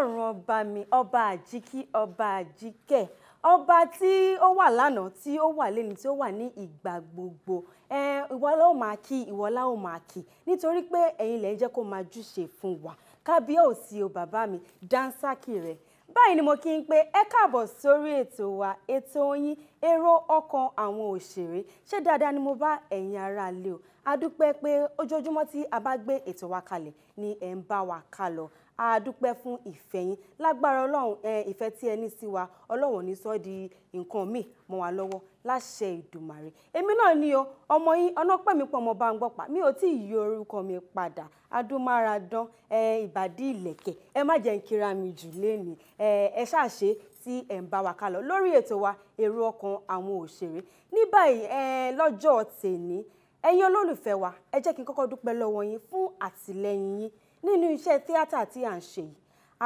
ọlọ́run ọba mi ọba àjíkí ọba àjíkẹ́ ọba tí ó wà lánàá tí ó wà lẹ́ni tí ó wà ní ìgbà gbogbo ìwọ la ó máa kí ìwọ la máa kí nítorí pé ẹ̀yin lẹ jẹ́ kó máa júṣe fún wa kábíyèsí o bàbá mi dánsákì rẹ̀ báyìí ni mo kí n pé ẹ káàbọ̀ sórí ètò wa ètò yín èrò ọkàn àwọn òṣèré ṣé dáadáa ni mo bá ẹ̀yin ará lé o a dúpẹ́ pé ojoojúmọ́ tí a bá gbé ètò wa kalẹ̀ ni ẹ̀ ń bá wa ká lọ àdúpẹ́ fún ìfẹ́ yín lágbára ọlọ́run ìfẹ́ tí ẹ sí wa ọlọ́run ní sọ di nǹkan míì mọ́ wa lọ́wọ́ láṣẹ ìdùmàrè èmi náà ni o ọmọ yín ọlọ́pẹ̀mí pọ̀ mọ́ bá ń gbọ́pà mi ò tí ì yí orúkọ mi padà adúmáradán ìbàdí ìlẹ̀kẹ̀ ẹ má jẹ́ ń kíra mi jù lénìí ẹ ṣàṣe tí ẹ̀ ń bá wa kálọ lórí ètò wa èrò ọkàn àwọn òṣèré ní báyìí lọ́jọ́ tèmi ẹ̀yin olólùfẹ́ wa ẹ jẹ́ kí n kọ́kọ́ dúpẹ́ lọ́wọ́ yín fún àtìlẹ́yìn yín nínú iṣẹ́ tíátà tí à ń ṣe yìí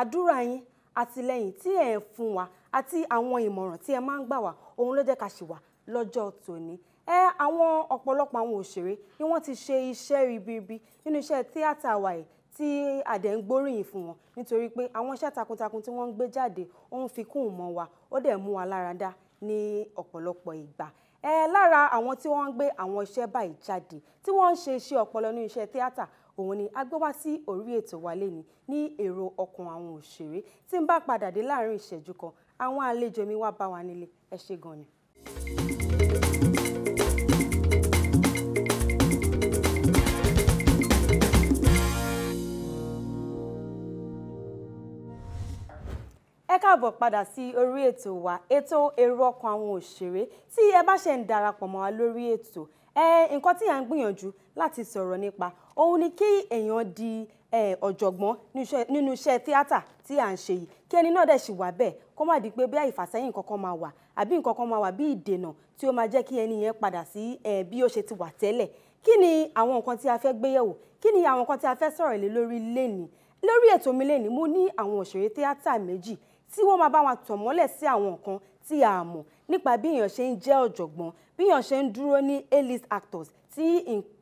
àdúrà yín àtìlẹ́yìn tí ẹ ń fún wa àti àwọn ìmọ̀ràn tí ẹ máa ń gbà wá òun ló jẹ́ ká ṣì wà lọ́jọ́ tòní ẹ àwọn ọ̀pọ̀lọpọ̀ àwọn òṣèré ni wọ́n ti ṣe iṣẹ́ ribiribi nínú iṣẹ́ tíátà wa yìí tí àdẹ̀ ń gbóríyìn fún wọn nítorí pé àwọn iṣẹ́ takuntakun tí wọ́n ń gbé jáde ó ń fi mọ́ wa ó dẹ̀ mú wa lára ní ọ̀pọ̀lọpọ̀ ìgbà ẹ lára àwọn tí wọ́n ń gbé àwọn iṣẹ́ báyìí jáde tí wọ́n ń ṣe iṣẹ́ ọpọlọ ní iṣẹ́ tíátà òun ni agbéwá sí orí ètò wa lẹ́ni ní èrò ọkàn àwọn òṣèré tí ń bá padà dé láàrin ìṣẹ́jú kan àwọn àlejò mi wá bá wa nílé ẹ ṣé gan ni. ẹ káàbọ̀ padà sí orí ètò wa ètò èrò ọkàn àwọn òṣèré tí ẹ bá ṣe ń darapọ̀ mọ́ wa lórí ètò ẹ nǹkan tí à ń gbìyànjú láti sọ̀rọ̀ nípa òun ni kí èèyàn di ọ̀jọ̀gbọ́n nínú iṣẹ́ tíátà tí à ń ṣe yìí kí ẹni náà dẹ̀ sì wà bẹ́ẹ̀ kó má di pé bí ìfàsẹ́yìn kankan máa wà àbí nǹkan máa wà bí ìdènà tí ó máa jẹ́ kí ẹni yẹn padà sí bí ó ṣe ti wà tẹ́lẹ̀ kí ni àwọn nǹkan tí a fẹ́ gbéyẹ̀wò kí ni àwọn nǹkan tí a fẹ́ sọ̀rọ̀ lé lórí lénìí lórí ètò mi lénìí mo ní àwọn òṣèré tíátà méjì tí wọ́n máa bá wa tàn mọ́lẹ̀ sí àwọn nǹkan tí a mọ̀ nípa bí èèyàn ṣe ń jẹ́ ọ̀jọ̀gbọ́n bí èèyàn ṣe ń dúró ní A-list actors tí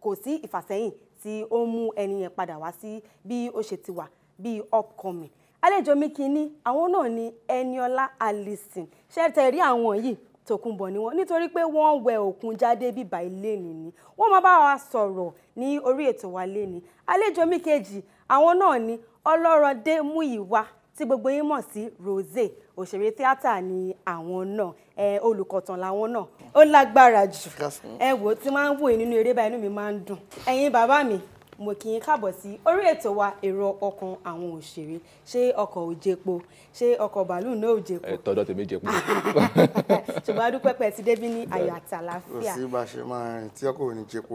kò sí ìfàsẹ́yìn tí ó ń mú ẹni yẹn padà wá sí bí ó ṣe ti wà bíi upcoming àlejò mi kìíní àwọn náà ni Ẹniọlá Allyson ṣé tẹ rí àwọn yìí Tòkunbọ̀ ni wọ́n nítorí pé wọ́n wẹ òkun jáde bíbá ilé nìní wọ́n máa bá wa sọ̀rọ̀ ní orí ètò wa lé ní àlejò mi kejì àwọn náà ni Ọlọ́rọ̀dé Múyìwá tí gbogbo yín mọ̀ sí Rose òṣèré tíátà ni àwọn náà ẹ olùkọ̀tàn làwọn náà ó lágbára jù ẹ wò ó ti máa ń wò yín nínú eré bá inú mi máa ń dùn ẹ̀yin bàbá mi mo kì í káàbọ̀ sí orí ètò wa èrò ọkàn àwọn òṣèré ṣé ọkọ̀ òjèpo ṣé ọkọ̀ bàálù náà òjèpo. ẹ tọdọ tèmi jẹpo. ṣùgbọ́n adúpẹ́ pẹ́ ti débi ní àyà àtàlàfíà. kò sí bá a ṣe máa rìn tí ọkọ̀ ò ní jẹpo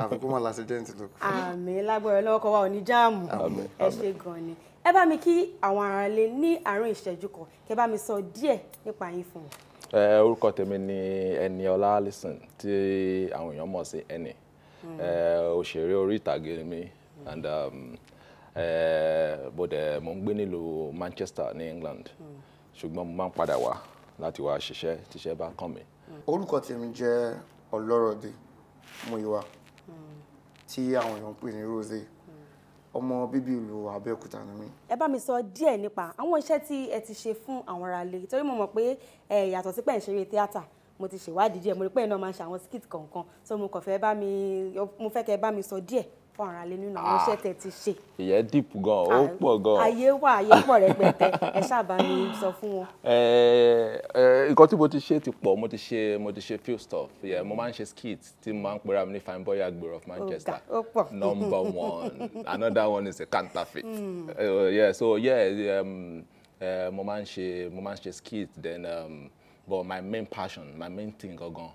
àfikún mọ́ lásìdẹ́ǹtì lóko. àmín lágbára lọ́wọ́ wa ò ní jáàmù ẹ ṣe gan ni ẹ bá mi kí àwọn aráalé ní àárín ìṣẹ́jú kan kẹ bá mi sọ díẹ̀ nípa yín fún wọn. orúkọ tèmi ni Ẹniọlá Alison tí àwọn èèyàn mọ̀ sí Ẹni hmm. òṣèré orí ìtàgé mi and um, mo dẹ̀ mo ń gbé nílùú Manchester ní England hmm. ṣùgbọ́n mo máa ń padà wá láti wá ṣiṣẹ́ tíṣẹ́ bá kàn mí. Hmm. orúkọ tèmi jẹ́ Ọlọ́rọ̀dé Múyìwá tí àwọn èèyàn pè ní Rose ọmọ bíbí ìlú Abẹ́òkúta ni mí. ẹ bá mi sọ díẹ̀ nípa àwọn iṣẹ́ tí ẹ ti ṣe fún àwọn aráalé torí mo mọ̀ pé ẹ yàtọ̀ sí pé ẹ̀ ń ṣeré tíátà mo ti ṣèwádìí díẹ̀ mo rí pé ẹ̀ náà máa ń ṣe àwọn skit kọ̀ọ̀kan so mo kàn fẹ́ bá mi mo fẹ́ kẹ́ ẹ bá mi sọ díẹ̀ fún ara lé nínú àwọn ah, iṣẹ́ tẹ́ ti ṣe. ìyẹn deep gan ó ah, pọ̀ gan. ayé wà ayé pọ̀ rẹpẹtẹ ẹ ṣáàbà mi sọ fún wọn. Eh, eh, nǹkan tí mo ti ṣe ti pọ̀ mo ti ṣe mo ti ṣe few stuff yeah, mo máa ń ṣe skit tí mo máa ń pera mi ní fine boy agbèrè of Manchester number one another one is a counterfeit hmm. eh, yeah, so yeah, um, uh, mo máa ń ṣe mo máa ń ṣe skit then um, but my main passion my main thing gangan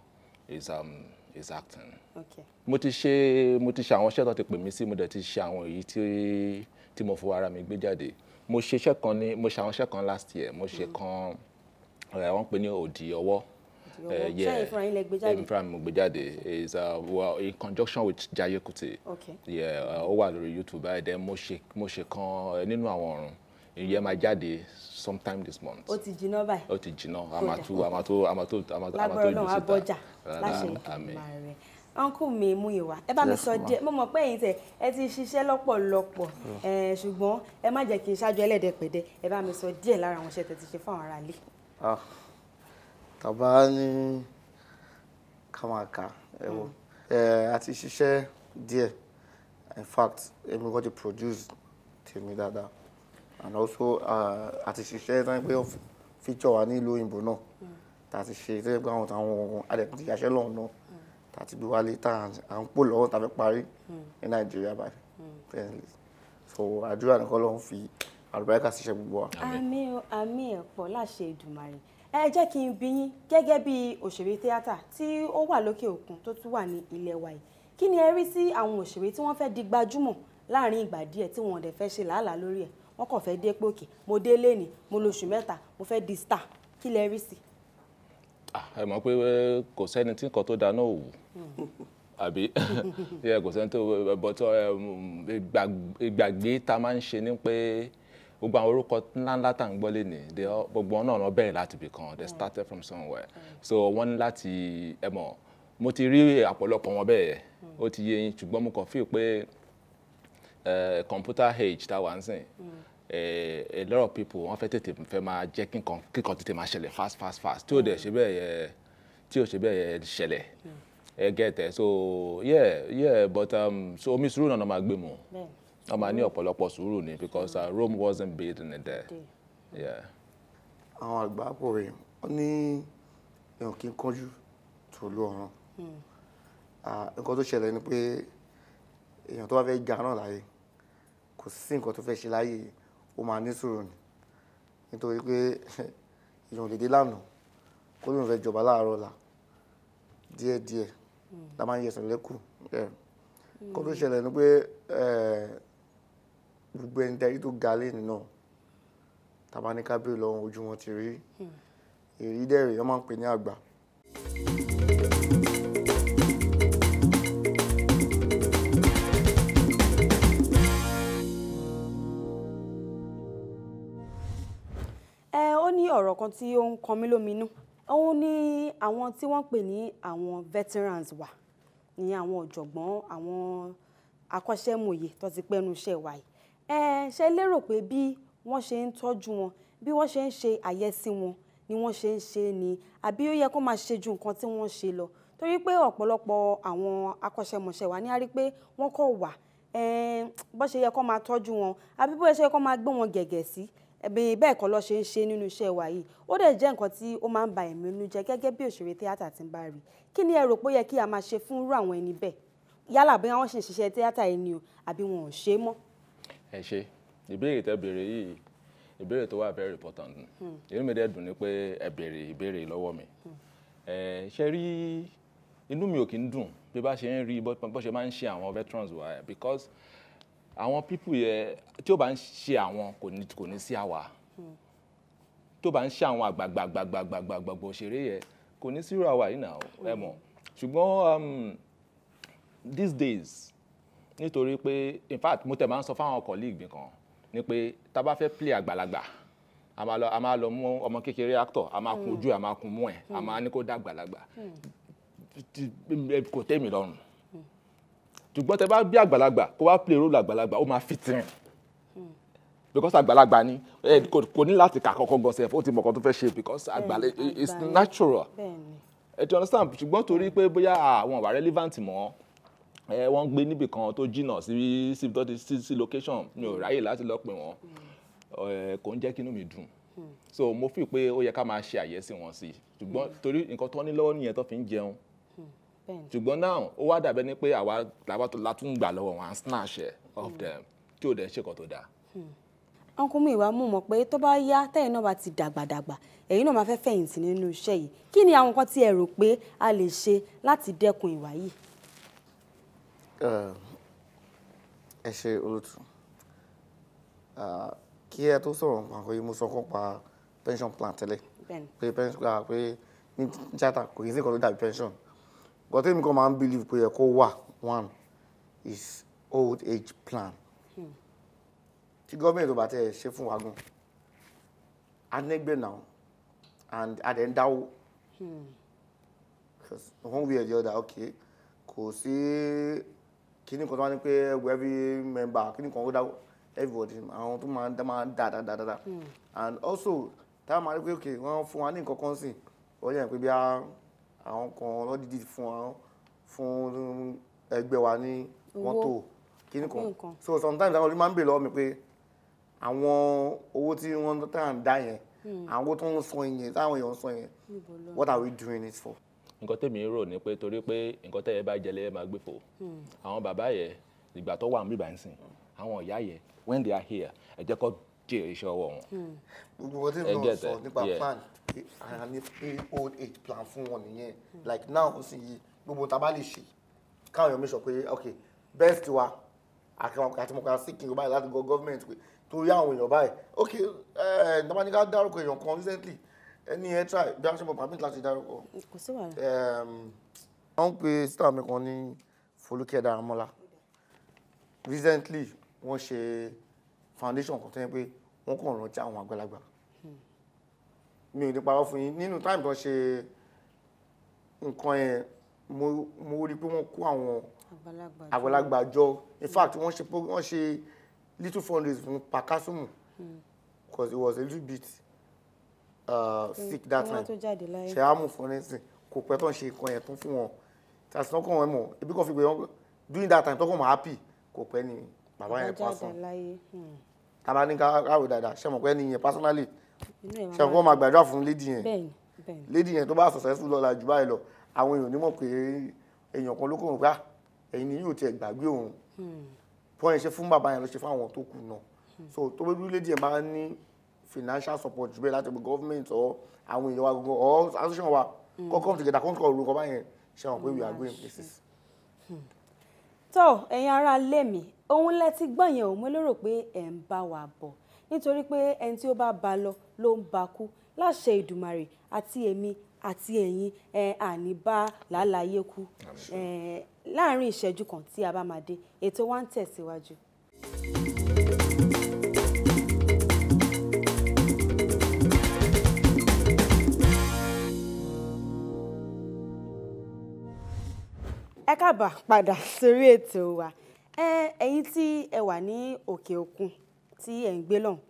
is. Um, is acting. Okay. mo ti ṣe mo ti ṣe àwọn iṣẹ́ tó ti pè mí sí mo dẹ̀ ti ṣe àwọn èyí tí mo fowó ara mi gbé jáde mo ṣe iṣẹ́ kan ní mo ṣe àwọn iṣẹ́ kan last year mo ṣe hmm. kan eh, wọ́n pè ní òdì ọwọ́ eh, ṣe ìfúnra yín lẹ gbé jáde ìfúnra mi gbé jáde is uh, in conjunction with Jaye Kute uh, ó wà lórí YouTube báyìí then mo ṣe mo ṣe kan eh, nínú àwọn ọ̀run ìyẹn máa jáde sometime this month. ó ti jiná báyìí. ó ti jiná amatu amatu amatu amatu amatu ìlú síta. lágbára náà abọ́jà láṣẹ ìdùnnú rẹ̀ uncle mi Múyìwá ẹ bá mi sọ díẹ̀ mo mọ̀ pé ẹ̀yin tẹ ẹ ti ṣiṣẹ́ lọ́pọ̀lọpọ̀ mm. ṣùgbọ́n ẹ má jẹ́ kí n ṣáájú ẹlẹ́dẹ̀pẹ̀dẹ̀ ẹ bá mi sọ díẹ̀ lára àwọn iṣẹ́ tẹ ti ṣe fáwọn aráalé. Ah, tàbá ní kàmáka ẹ wo mm. a ti ṣiṣẹ́ díẹ̀ in fact èmi kò ti produce tèmi dáadáa and also àti ṣiṣẹ́ tán pé feature wa nílùú òyìnbó náà tàti ṣe tó yẹ pé àwọn táwọn adẹ̀kùn ti yàṣẹ́ lọ́hùn náà tàti gbé wálé tá à ń pò lọ́wọ́ tàbí parí ní nàìjíríà báyìí presently so àdúrà nìkan ló ń fi àlùbáríkà ṣiṣẹ́ gbogbo wa. àmín àmín ẹ̀pọ̀ láṣẹ Èdùmàrè ẹ jẹ́ kí n bi yín gẹ́gẹ́ bí òṣèré tíátà tí ó wà lókè òkun tó tún wà ní ilẹ̀ wa yìí kí ni ẹ rí sí àwọn òṣèré tí wọ́n fẹ́ di gbajúmọ̀ láàrin ìgbà díẹ̀ tí wọ́n dẹ̀ fẹ́ ṣe làálàá lórí ẹ̀ wọ́n kàn fẹ́ dé pòkè mo dé lẹ́ni mo lóṣù mẹ́ta mo fẹ́ di star kí lẹ rí sí. Ah, ẹ mọ̀ pé kò sẹ́ni tí nǹkan tó dáa náà wù àbí yẹ kò sẹ́ni tó bọ́tọ̀ um, ìgbàgbé tá a máa ń ṣe ni pé gbogbo àwọn orúkọ ńláńlá tá à ń gbọ́ lé ní gbogbo wọn náà lọ bẹ̀rẹ̀ láti ibì kan they started from somewhere so wọ́n ní láti ẹ mọ̀ mo ti rí àpọ̀lọpọ̀ wọn bẹ́ẹ̀ ó ti yé yín ṣùgbọ́n mo kàn feel pé computer age tá a wà ń sìn Eh, a lot of people wọ́n fẹ́ tètè fẹ́ máa jẹ́ kíkan tètè máa ṣẹlẹ̀ fast fast fast tí ò dẹ̀ ṣe bẹ́ẹ̀ yẹ tí ò ṣe bẹ́ẹ̀ yẹ ṣẹlẹ̀ ẹ gẹ̀tẹ̀ so yeah yeah but um, so omi sùúrù náà máa gbé mu wọ́n máa ní ọ̀pọ̀lọpọ̀ sùúrù ni because uh, Rome wasn't built in a day. àwọn àgbà pò rè ó ní èèyàn kì í kánjú tó ló ọ̀ràn nǹkan tó ṣẹlẹ̀ ni pé èèyàn tó bá fẹ́ ga náà láyé kò sí nǹkan tó fẹ́ ṣe láyé yìí ó máa ní sùúrù ni nítorí pé èèyàn ò lè dé lánàá kó lóun fẹ́ jọba láàárọ̀ la díẹ̀díẹ̀ la máa ń yẹsùn lẹ́kù kó tó ṣẹlẹ̀ ni pé gbogbo ẹni tẹ́rí tó ga lẹ́nu náà tàbá ní kábíyè lọ́wọ́ ojú wọn ti rí èyí dẹ̀rẹ̀ wọ́n máa ń pè ní àgbà. thank you ọ̀rọ̀ kan tí ó ń kan mí lóminú òun ni àwọn tí wọ́n pè ní àwọn veterans wa ní àwọn ọ̀jọ̀gbọ́n àwọn akọ́ṣẹ́mọ̀ye tó ti pẹ́nu iṣẹ́ wa yìí ẹ ṣe lérò pé bí wọ́n ṣe ń tọ́jú wọn bí wọ́n ṣe ń ṣe àyẹ́sí wọn ni wọ́n ṣe ń ṣe ni àbí ó yẹ kó máa ṣe ju nǹkan tí wọ́n ṣe lọ torí pé ọ̀pọ̀lọpọ̀ àwọn akọ́ṣẹ́mọṣẹ́ wa ni a rí pé wọ́n kọ̀ wà bó ṣe yẹ kó máa tọ́jú wọn àbí bó ṣe yẹ kó máa gbé wọn gẹ̀gẹ̀ sí ẹ̀bìn bẹ́ẹ̀ kọ́ ló ṣe ń ṣe nínú iṣẹ́ wa yìí ó dẹ̀ jẹ́ nǹkan tí ó máa ń ba ẹ̀mí inú jẹ́ gẹ́gẹ́ bí òṣèré tíátà ti ń bá rí kí ni ẹ rò pé ó yẹ kí a máa ṣe fún irú àwọn ẹni bẹ́ẹ̀ yálà bí wọ́n ṣe ń ṣiṣẹ́ tíátà yìí ni o àbí wọn ò ṣe é ẹ ṣe ìbéèrè tẹ́ béèrè yìí ìbéèrè tó wà very important hmm. inú mi dẹ̀ dùn ni pé ẹ béèrè ìbéèrè lọ́wọ́ mi hmm. ẹ ṣe rí inú mi ò kí ń dùn bí bá ṣe ń rí bó ṣe máa ń ṣe àwọn veterans wa because àwọn pípù yẹ tí ó bá ń ṣe àwọn kò ní kò ní sí àwa tó bá ń ṣe àwọn àgbàgbàgbàgbàgbàgbà òṣèré yẹ kò ní sí irú àwa yìí náà ẹ mọ̀ ṣùgbọ́n um, these days nítorí pé in fact mo tẹ̀ máa ń sọ fáwọn colleague mi kan ni pé tá a bá fẹ́ play àgbàlagbà a máa lọ a máa lọ mú ọmọ kékeré actor a máa kun ojú ẹ a máa kun mú ẹ a máa ní kó dá àgbàlagbà kò tẹ́ mi lọ́rùn ṣùgbọ́n tẹ bá bí àgbàlagbà kó wá play role àgbàlagbà ó máa fit in because àgbàlagbà ni kò ní láti kà kọ́kọ́ gan sef ó ti mọ̀ kan tó fẹ́ ṣe because àgbàlẹ̀ it's natural ẹ ti understand ṣùgbọ́n torí pé bóyá àwọn àwà relevant mọ́ ẹ wọ́n ń gbé níbì kan tó jìnnà sí sí sí location mi ò ráyè láti lọ pè wọ́n hmm. kò ń jẹ́ kí inú mi dùn hmm. so mo fi pé ó yẹ ká máa ṣe àyẹ́sí wọn sí ṣùgbọ́n hmm. torí nǹkan tó ní lọ́wọ́ nìyẹn tó fi ń jẹun ṣùgbọ́n now ó wá dàbẹ́ ni pé àwa látún gbà lọ́wọ́ wọn à ń snatch ẹ̀ off them tí ò dẹ̀ ṣe kọ́ tó dáa. ọkùnrin hmm. mi ìwà mú mọ̀ pé tó bá yá tẹ́yìn náà bá ti dàgbàdàgbà ẹ̀yin náà máa fẹ́ fẹ̀yìntì nínú iṣẹ́ yìí kí ni àwọn kan tí ẹ rò pé a lè ṣe láti dẹ́kun ìwà yìí. ẹ ṣe olótú kí ẹ tó sọ̀rọ̀ nǹkan kan yìí mo sọ kọ́ pa pension plan tẹ́lẹ̀ pé pension plan pé ní jata kò yí sí kan tó dàbí pension. Mm but èmi kan máa believe pé yẹ kó one is old age plan hmm. tí government ò bá tẹ̀ ṣe fún wa gan anẹ́gbẹ̀ now and adẹ́ndáwó hmm. one way or the other okay kò sí kíní kan tó máa ní pé every member kíní kan ó dá everybody àwọn tó máa ń dá máa ń dá hmm. and also táwọn máa ní pé okay wọ́n fun wa ní nǹkan kan sí wọ́n yẹn pé bí a àwọn kan lọ́dídì fún àwọn fún ẹgbẹ́ wa ní mọ́tò kíní kan so sometimes àwọn olùmọ̀ ń bè lọ́wọ́ mi pé àwọn owó tí wọ́n tà ń dá yẹn hmm. àwọn owó tó ń sọ yẹn táwọn èèyàn ń sọ yẹn what are we doing it for. nǹkan tèmi rò ni pé torí pé nǹkan tẹ̀yẹ bá jẹlẹ̀ ẹ máa gbé fò hmm. àwọn bàbá yẹ ìgbà tó wà ń bíbá ń sìn àwọn ìyá yẹ when they are here ẹ jẹ́ jèrè iṣẹ́ ọwọ́ wọn. Hmm. gbogbo wọn náà sọ nípa plan ara ní old age plan fún wọn nìyẹn hmm. like now ó sì yí gbogbo tá bá lè ṣe káwọn èèyàn sọ pé ok best wa àti mo kà sí kí n báyìí láti gọ gọ́ọ̀mẹ̀ntì pé torí àwọn èèyàn báyìí ok nígbà eh, ní ká dárúkọ èèyàn kan recently ẹni ẹ try bí a ṣe mọ permit láti dárúkọ. kò sí wàhálà. wọ́n ń pe sítá mi kan ní Folúkẹ́ Dáramọ́lá recently wọ́n ṣe foundation kan tó pé wọ́n kàn rántí àwọn àgbàlagbà mi ò ní parọ́ fún yín nínú táìmù tó ṣe nǹkan yẹn mo rí pé wọ́n kó àwọn àgbàlagbà jọ in hmm. fact wọ́n ṣe little fundraise fún pakasumu hmm. because it was a little bit sick uh, that time ṣe àmú fọrẹ́nsì kò pẹ́ tó ń ṣe nǹkan yẹn tún fún wọn tàbí tọkàn wọn mọ̀ ebi kan fi pé during that time tọkàn mọ̀ happy kò pẹ́ ni bàbá yẹn pass on tàbá ní káwé dáadáa ṣe mọ̀ pé ẹni yẹn personally ṣe kó máa gbàdúrà fún lady yẹn lady yẹn tó bá successful lọ́la jù báyìí lọ àwọn èèyàn onímọ̀ pé èèyàn kan ló kàn wá ah, ẹ̀yin ni yóò tiẹ̀ gbàgbé òun point hmm. ṣe fún bàbá yẹn lọ ṣe fún àwọn to kù náà hmm. so tó bẹ́ẹ̀ lady yẹn máa ní financial support jù bẹ́ẹ̀ láti bí government or àwọn èèyàn wa gbogbo or association wa hmm. kọ́ come together kọ́ kọ́ orúkọ báyẹn ṣe àwọn pé we are going places. tó ẹ̀yin ará lé òun lẹ ti gbọ́n yẹn ò mú lérò pé ẹ̀ ń bá wa bọ̀ nítorí pé ẹni tí ó bá ba lọ ló ń ba kú láṣẹ ìdùmarè àti èmi àti ẹ̀yin ẹ àní bá làálàyé kú láàárín ìṣẹ́jú kan tí a bá máa dé ètò wa ń tẹ̀síwájú. ẹ káàbà padà sórí ètò wa ẹ̀yin tí ẹ wà ní òkè òkun tí ẹ̀ ń gbé lọ́hùn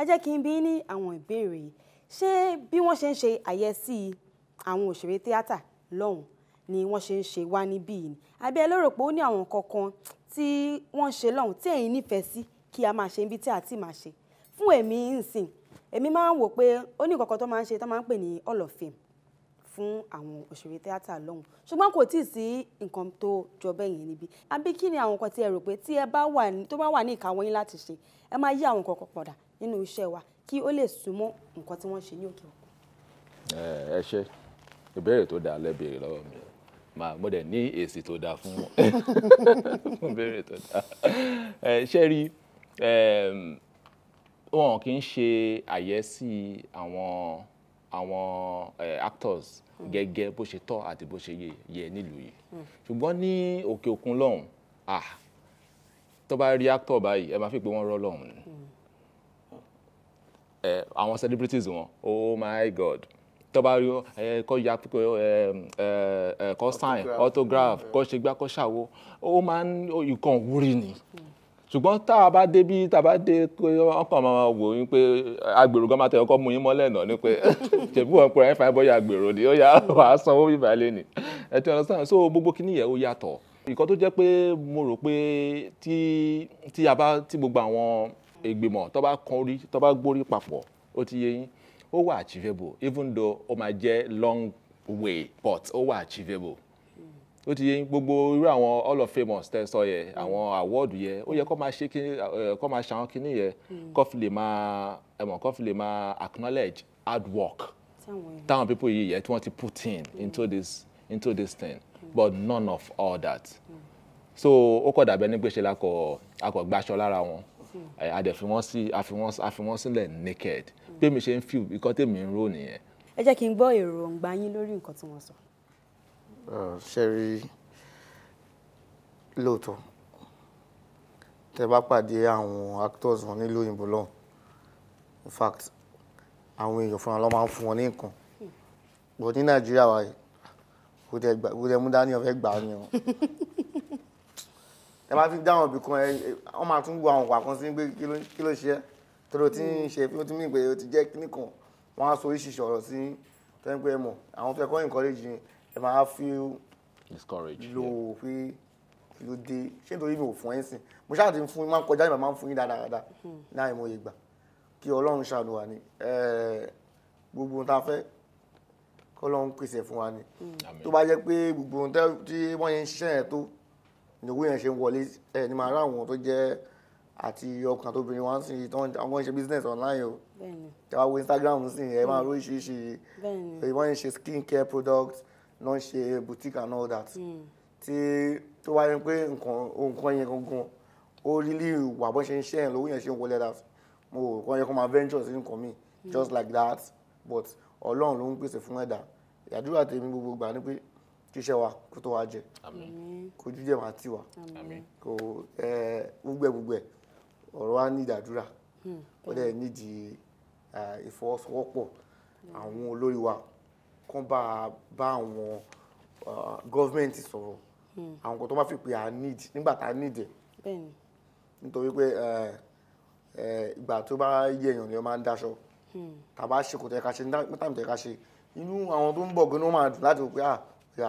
ẹ jẹ́ kí n bi ní àwọn ìbéèrè yìí ṣé bí wọ́n ṣe ń ṣe àyẹ́sí àwọn òṣèré tíátà lọ́hùn ni wọ́n ṣe ń ṣe wá níbí yìí àbí ẹ lérò pé ó ní àwọn kankan tí wọ́n ń ṣe lọ́hùn tí ẹ̀yin nífẹ̀ẹ́ sí kí a máa ṣe níbi tí a ti máa ṣe fún èmi nsìn èmi máa ń wò pé ó ní kankan tó máa ń ṣe tó máa ń pè ní all of fame fún àwọn òṣèré tíátà lọ́hùn ṣùgbọ́n kò tí ì sí nǹkan tó jọ bẹ́ẹ̀ yẹn níbí àbí kí ni àwọn nǹkan tí ẹ rò pé tí ẹ bá wà ní tó bá wà ní ìkáwọ́ yín láti ṣe ẹ máa yí àwọn nǹkan kan padà nínú iṣẹ́ wa kí ó lè súnmọ́ nǹkan tí wọ́n ṣe ní òkè òkun. ẹ ṣe ìbéèrè tó dáa lẹ lọ́wọ́ mi màá mo dẹ̀ ní èsì tó dáa fún fún ìbéèrè tó dáa àwọn eh, actors hmm. gẹ́gẹ́ bó ṣe tọ́ àti bó ṣe yẹ nílùú yìí hmm. ṣùgbọ́n ní òkè òkun lọ́hùn ah tó bá rí actor báyìí ẹ máa fi pé wọ́n rọ́ lọ́hùn ẹ hmm. eh, àwọn celebrities wọn oh my god tó bá rí ẹ eh, kọ́ ya kọ́ sign autograph kọ́ ṣe gbá kọ́ ṣàwo ó máa ń ìkan wúrí ni ṣùgbọ́n tá a bá dé bí tá a bá dé pé ọkàn máa wò yín pé agbèrò gan máa tẹ̀ ọkọ́ mu yín mọ́lẹ̀ náà ni pé ṣèbí wọn pera ẹ̀ fà bọ́yà agbèrò ni ó yà wàá sanwó bíbá lé ni ẹ ti understand so gbogbo kíní yẹn ó yàtọ̀ ìkan tó jẹ́ pé mo rò pé tí tí a bá tí gbogbo àwọn ìgbìmọ̀ tó bá kan orí tó bá gbórí papọ̀ ó ti yé yín ó wà achievable even though ó máa jẹ́ long way but ó wà achievable ó ti yé gbogbo irú àwọn all of famous tẹ́ sọ yẹ àwọn award yẹ ó yẹ kó máa ṣe kí kó máa ṣàwọn kíní yẹ hmm. kó lè máa ẹ̀mọ̀ kó fi lè máa acknowledge hard work táwọn people yìí yẹ tí wọ́n ti put in hmm. into this into this thing hmm. but none of all that so ó kọ̀ dàbẹ́ ní gbèsè lakọ̀ akọ̀ gbaṣọ lára wọn àdẹ̀fíwọ́n sí àfíwọ́n àfíwọ́n sílẹ̀ naked pé mi ṣe ń feel ikọ́ tèmi ń rò nìyẹn. ẹ jẹ́ kí n gbọ́ èròǹgbà yín lórí nǹkan tí wọ́n sọ. Ah, ṣe rí lóòótọ́ tẹ bá pàdé àwọn actors wọn nílùú òyìnbó lọ́hùn in fact àwọn èèyàn fúnra lọ́ máa ń fún wọn ní nǹkan but ní nàìjíríà wa kò dẹ̀ mú dání ọ̀fẹ́ gbà á ni o ẹ bá fi dáhùn ibì kan ẹ wọ́n máa tún wo àwọn ọ̀pá kan sí pé kí ló ṣe é torí o ti ń ṣe fi o pé o ti jẹ́ kíní kan wọ́n á sọ oríṣiríṣi ọ̀rọ̀ sí tẹ́ńpẹ́ mọ̀ àwọn fẹ́ kọ́ encourage yín ẹ máa feel discouraged lò ó pé kí ló dé ṣé nítorí mi ò fún ẹ sìn mo ṣáà ti fún máa ń kọjá ìmọ̀ máa ń fún yín dáadáa náà mo yẹ gbà kí ọlọ́run ṣàánú wa ni gbogbo ohun tá a fẹ́ kọ́lọ́run pèsè fún wa ni hmm. tó bá jẹ́ pé gbogbo ohun tí wọ́n yẹn ṣiṣẹ́ yẹn tó ìnáwó yẹn ṣe ń wọlé ẹ ní máa ráwọn tó jẹ́ àti ọkùnrin àti obìnrin wọn sì wọn ṣe business online o tí wọ́n wo Instagram sì ẹ máa lóríṣiríṣi hmm. wọ́n ṣe skin care products ló ń ṣe boutique and all that hmm. tí tó wáyé pé nǹkan yẹn gangan ó lílì wà bó ṣe ń ṣe yẹn lówó yẹn ṣe ń wọlé that mo kọ́ yẹ kó máa venture sí nǹkan mi hmm. just like that but ọlọ́run ló ń pèsè fún ẹ̀dá ìyàdúrà tèmi gbogbo gbà ni pé ṣiṣẹ́ wa kó tó wa jẹ kojú jẹ máa tì wá kò gbúgbẹ̀gbúgbẹ̀ ọ̀rọ̀ wa ní ìdàdúrà hmm. ó dẹ̀ nídìí ìfọwọ́sowọ́pọ̀ àwọn olórí wa kán bá bá àwọn uh, gọ́ọ̀mẹ̀ntì sọ̀rọ̀ hmm. àwọn nǹkan tó bá fi pé à need nígbà tá a need ẹ̀ nítorí pé ìgbà tó bá yẹ èèyàn ni ó máa ń daṣọ hmm. tàbá ṣe kò tẹ̀ ká ṣe mẹ́tàmì tẹ̀ ká ṣe inú àwọn tó ń bọ̀ gan-an máa dùn láti rò pé ah ìyá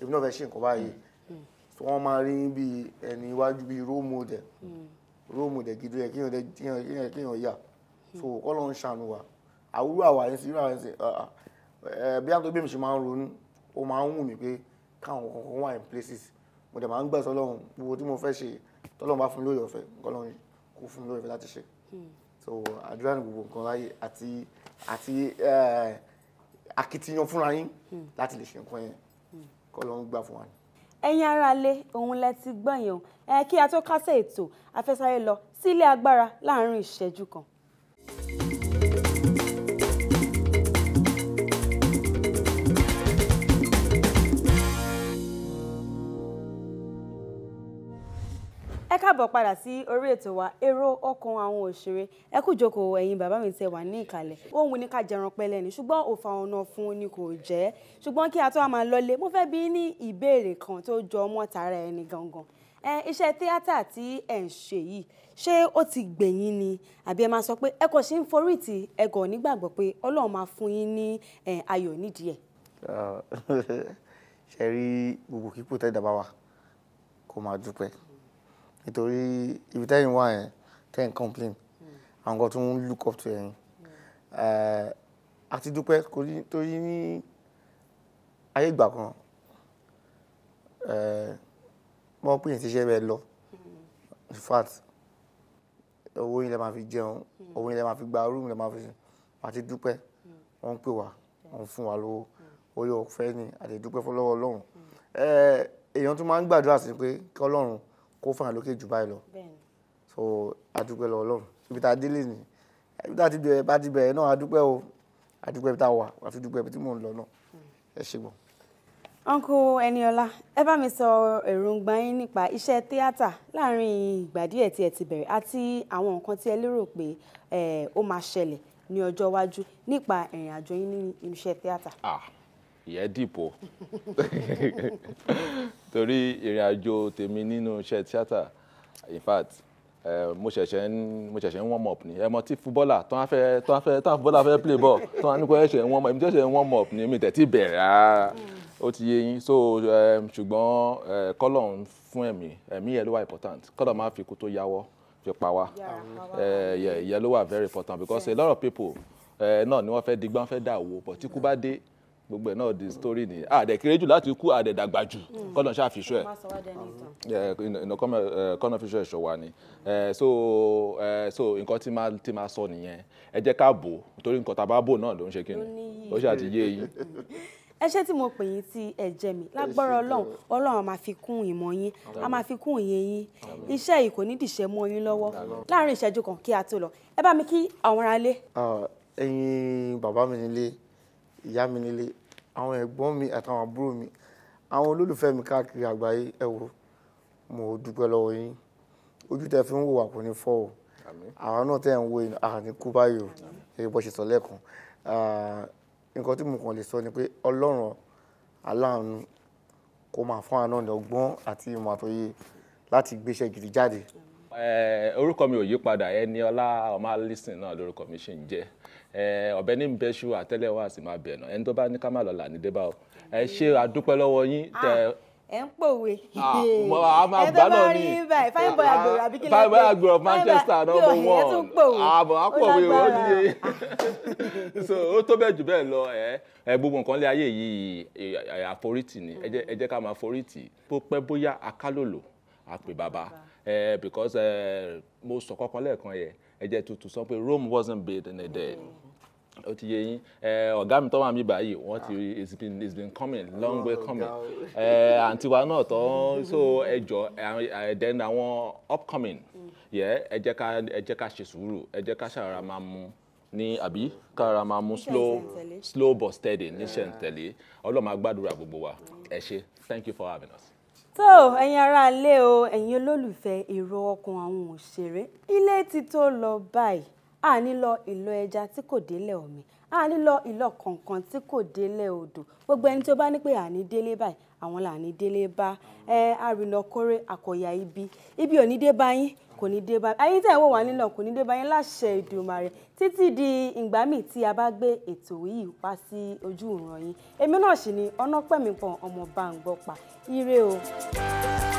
èmi náà fẹ́ ṣe nǹkan báyìí tí hmm. wọ́n máa rí bí ẹni iwájú bíi role model role model gidi yẹ kéèyàn kéèyàn yà so kọ́ ló ń ṣàánú wa àwúrò àwa yẹn sí Eh, bí àtọ́ bí mi ṣe máa ń ronú ó máa ń wù mí pé káwọn kankan wà in places mo dẹ̀ máa ń gbẹ̀sọ́ lọ́hùn gbogbo tí mo fẹ́ ṣe tọ́lọ́run bá fún mi lórí ọ̀fẹ́ kọ́lọ́run kò fún mi lórí ọ̀fẹ́ láti ṣe hmm. so àdúrà ní gbogbo nǹkan láyé àti àti eh, akitiyan fúnra yín hmm. láti lè ṣe nǹkan yẹn hmm. kọ́lọ́run gbà fún wa ni ẹ̀yin lé òun lẹ ti gbọ̀nyàn ẹ eh, kí a tó kásẹ̀ ètò afẹ́sáré lọ sílé agbára láàrin ìṣẹ́jú kan. káàbọ̀ padà sí orí ètò wa èrò ọkàn àwọn òṣèré ẹ kú jókòó ẹ̀yin bàbá mi tẹ wà ní ìkàlẹ̀ ohun ní ká jẹran pẹ̀lẹ́ ni ṣùgbọ́n òfà ọ̀nà fún ni kò jẹ́ ṣùgbọ́n kí a tó a máa lọlé mo fẹ́ bi ní ìbéèrè kan tó jọ ọmọ tààrà ẹni gangan ẹ iṣẹ́ tíátà tí ẹ̀ ń ṣe yìí ṣé ó ti gbẹ̀yìn ni àbí ẹ máa sọ pé ẹ kò ṣe ń forí ti ẹ gọ̀ nígbàgbọ́ pé Ọlọ́run máa fún nítorí ibi tẹ́yìn wà yẹn tẹ́yìn complain àwọn kan tó ń look up to ẹ̀yin àti eh, dúpẹ́ torí ní ayé ìgbà kan eh, wọ́n pè é tíṣẹ́ bẹ́ẹ̀ lọ in fact owó yín lè máa fi jẹun owó yín lè máa fi gba rúùmù lè máa fi sùn àti dúpẹ́ wọ́n ń pè wá wọ́n ń fún wa lówó orí ọ̀fẹ́ ni àti dúpẹ́ fọlọ́wọ́ ọlọ́run eh, èèyàn tún máa ń gbàdúrà sí pé kí ọlọ́run kó fún àlókè jù báyìí lọ so adúpẹ́ lọ ọlọ́run ibi tá a délé ni ibi tá a ti bẹ̀rẹ̀ bá ti bẹ̀rẹ̀ náà adúpẹ́ o adúpẹ́ ibi tá a wà àfi dúpẹ́ ibi tí mò ń lọ náà ẹ ṣe gbọ́n. uncle Eniola ẹ bá mi sọ èròǹgbà yín nípa iṣẹ́ tíátà láàrin ìgbà díẹ̀ tí ẹ ti bẹ̀rẹ̀ àti àwọn nǹkan tí ẹ lérò pé ó máa ṣẹlẹ̀ ní ọjọ́ iwájú nípa ìrìn àjò yín ní iṣẹ́ tíátà. ah ìyẹn dìbò torí ìrìn àjò tèmi nínú iṣẹ́ tíátà in fact mo ṣẹ̀ṣẹ̀ ń warm up ni ẹ mọ̀ tí fúbọ́là tó wá fẹ́ tó wá fẹ́ tó wá fúbọ́là fẹ́ play ball tó wá ní kó ṣẹ̀ṣẹ̀ ń warm up èmi tó ṣẹ̀ṣẹ̀ ń warm up ni èmi tẹ̀tí bẹ̀rẹ̀ rárá ó ti yé yín so ṣùgbọ́n kọ́lọ̀ ń fún ẹ̀mí ẹ̀mí yẹn ló wà important kọ́lọ̀ máa fi kú tó yáwọ́ fi pa wá yẹn ló wà very important because a lot of people náà ni wọ́n fẹ́ digbá fẹ́ dà wo but tí kú bá dé gbogbo ẹ náà di story ni àdẹ̀kéré jù láti kú àdẹ̀dàgbà jù hmm. kọ́nà ṣáà fi ṣọ́ ẹ̀ kọ́nà fi ṣọ́ ẹ̀ ṣọ̀wá ni so so nǹkan tí máa tí máa sọ nìyẹn ẹ jẹ́ ká bò torí nǹkan tá a bá bò náà ló ń ṣe kí ni ó ṣáà ti yé yín. ẹ ṣé tí mo pè yín tí ẹ jẹ mi lágbára Ọlọ́run Ọlọ́run a máa fi kún ìmọ̀ yín a máa fi kún ìyẹn yín iṣẹ́ yìí kò ní dìṣẹ́ mọ́ yín lọ́wọ́ láàárín ìṣẹ́jú kan kí a tó lọ ẹ bá mi kí àwọn ará lé. Ah, ẹ̀yin bàbá mi nílé ìyá mi nílé àwọn ẹ̀gbọ́n mi àtàwọn àbúrò mi àwọn olólùfẹ́ mi káàkiri àgbáyé ẹ mo dúpẹ́ lọ́wọ́ yín ojú tẹ fi ń wò wá kò ní fọ́ o àwọn náà tẹ̀ ń wo àní kú báyìí o èyí bọ́ ṣe sọ lẹ́ẹ̀kan nǹkan tí mo kàn lè sọ ni pé ọlọ́run aláàánú kó máa fún àánú ní ọgbọ́n àti ìmọ̀ àtòyè láti gbéṣẹ́ gidi jáde. orúkọ mi ò yí padà Ẹniọlá Ọmálísìn náà lórúkọ mi ṣì ń jẹ́ Eh, ọ̀bẹ ní bẹ́ṣu àtẹ́lẹwọ́ àti máa bẹ̀ náà ẹni tó bá ní ká má lọ là ní débà o ẹ ṣe àdúpẹ́ lọ́wọ́ yín ah, tẹ ẹ ń pòwe ẹ ah, bẹ máa rí báyìí fine boy agbèrò àbí kí ló dé fine boy agbèrò Manchester number one àbọ̀ àpòwe ah, ó yẹ so ó tó bẹ́ẹ̀ jù bẹ́ẹ̀ lọ ẹ gbogbo nǹkan lé ayé yìí àforítì ni ẹ jẹ́ ká máa forítì bó pẹ́ bóyá akálòlò àpè bàbá because mo sọ kọ́kọ́ lẹ́ẹ̀kan yẹ ẹ jẹ́ tuntun sọ pé Rome wasn't built in a day. Mm -hmm ó ti yé yín ọ̀gá mi tó wà mí báyìí wọ́n ti ah. it's been it's been coming long way coming àǹtí wa náà tó so ẹ jọ then àwọn upcoming mm. ẹ jẹ́ ká ẹ jẹ́ ká ṣe sùúrù ẹ jẹ́ ká ṣàrà máa mú ní àbí kára máa mú slow slow but steady ní ah. ṣẹ̀ǹtẹ̀lé ọlọ́run máa gbàdúrà gbogbo wa ẹ ṣé thank you for having us tó ẹ̀yin ará ilé o ẹ̀yin olólùfẹ́ èrò ọkàn àwọn òṣèré ilé ti tó lọ báyìí a ní lọ ìlọ ẹja tí kò délẹ̀ omi a ní lọ ìlọ kọ̀ọ̀kan tí kò délẹ̀ odò gbogbo ẹni tí ó bá ní pé àní délé báyìí àwọn là ní délé bá ẹ àrìnà kórè àkọ̀yà ibi ibi ò ní dé bá yín kò ní dé bá yín ayé tẹ̀ wọ̀ wá nílọ kò ní dé bá yín láṣẹ Èdùmàrè títí di ìgbà míì tí a bá gbé ètò yìí wá sí ojú ìran yín èmi náà sì ni ọ̀nà pẹ̀mí pọ̀ ọmọ bá ń gbọ́ pa ire o.